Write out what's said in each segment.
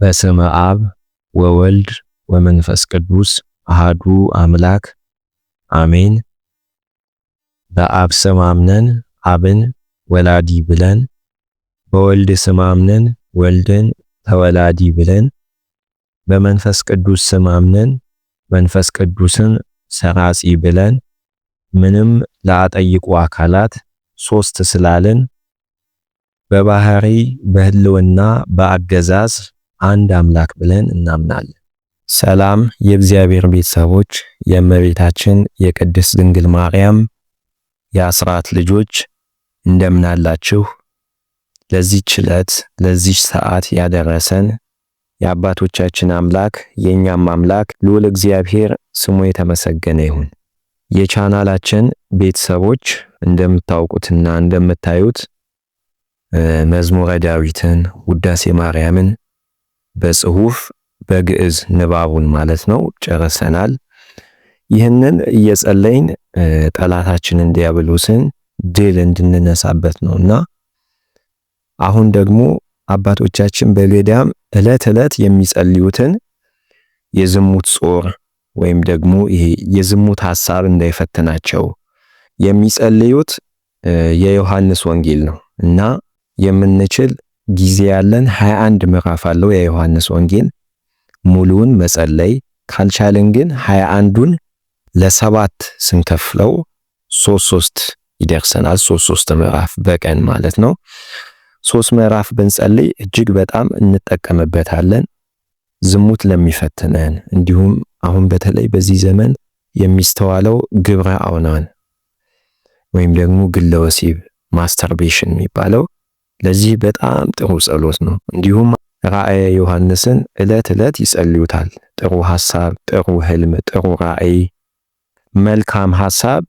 በስመ አብ ወወልድ ወመንፈስ ቅዱስ አሃዱ አምላክ አሜን። በአብ ስም አምነን አብን ወላዲ ብለን በወልድ ስም አምነን ወልድን ተወላዲ ብለን በመንፈስ ቅዱስ ስም አምነን መንፈስ ቅዱስን ሰራጺ ብለን ምንም ላጠይቁ አካላት ሶስት ስላልን በባህሪ በህልውና በአገዛዝ አንድ አምላክ ብለን እናምናለን። ሰላም የእግዚአብሔር ቤተሰቦች፣ የእመቤታችን የቅድስት ድንግል ማርያም የአስራት ልጆች እንደምን አላችሁ? ለዚህች ዕለት ለዚህች ሰዓት ያደረሰን የአባቶቻችን አምላክ የእኛም አምላክ ልዑል እግዚአብሔር ስሙ የተመሰገነ ይሁን። የቻናላችን ቤተሰቦች እንደምታውቁትና እንደምታዩት መዝሙረ ዳዊትን፣ ውዳሴ ማርያምን በጽሁፍ በግዕዝ ንባቡን ማለት ነው ጨርሰናል። ይህንን እየጸለይን ጠላታችንን ዲያብሎስን ድል እንድንነሳበት እና አሁን ደግሞ አባቶቻችን በገዳም ዕለት ዕለት የሚጸልዩትን የዝሙት ጾር ወይም ደግሞ ይሄ የዝሙት ሐሳብ እንዳይፈትናቸው የሚጸልዩት የዮሐንስ ወንጌል ነው እና የምንችል ጊዜ ያለን 21 ምዕራፍ አለው የዮሐንስ ወንጌል። ሙሉውን መጸለይ ካልቻልን ግን 21ዱን ለሰባት ስንከፍለው 3 3 ይደርሰናል። 3 3 ምዕራፍ በቀን ማለት ነው። ሶስት ምዕራፍ ብንጸልይ እጅግ በጣም እንጠቀምበታለን። ዝሙት ለሚፈትነን እንዲሁም አሁን በተለይ በዚህ ዘመን የሚስተዋለው ግብረ አውናን ወይም ደግሞ ግለወሲብ ማስተርቤሽን የሚባለው ለዚህ በጣም ጥሩ ጸሎት ነው። እንዲሁም ራእየ ዮሐንስን ዕለት ዕለት ይጸልዩታል። ጥሩ ሐሳብ፣ ጥሩ ህልም፣ ጥሩ ራእይ፣ መልካም ሐሳብ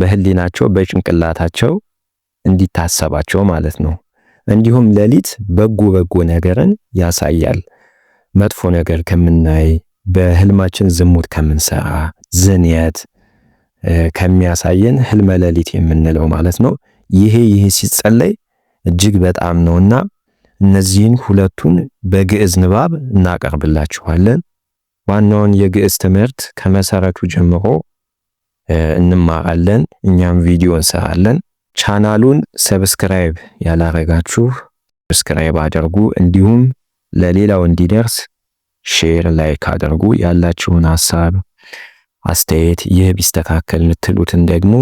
በህሊናቸው በጭንቅላታቸው እንዲታሰባቸው ማለት ነው። እንዲሁም ሌሊት በጎ በጎ ነገርን ያሳያል። መጥፎ ነገር ከምናይ፣ በህልማችን ዝሙት ከምንሰራ፣ ዝንየት ከሚያሳየን ህልመ ሌሊት የምንለው ማለት ነው። ይሄ ይህ ሲጸለይ እጅግ በጣም ነውና እነዚህን ሁለቱን በግዕዝ ንባብ እናቀርብላችኋለን። ዋናውን የግዕዝ ትምህርት ከመሰረቱ ጀምሮ እንማራለን። እኛም ቪዲዮ እንሰራለን። ቻናሉን ሰብስክራይብ ያላረጋችሁ ሰብስክራይብ አድርጉ። እንዲሁም ለሌላው እንዲደርስ ሼር፣ ላይክ አድርጉ። ያላችሁን ሀሳብ አስተያየት፣ ይህ ቢስተካከል የምትሉትን ደግሞ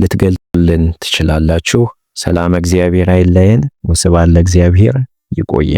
ልትገልጹልን ትችላላችሁ። ሰላም እግዚአብሔር አይለየን። ወስብሐት ለእግዚአብሔር። ይቆየ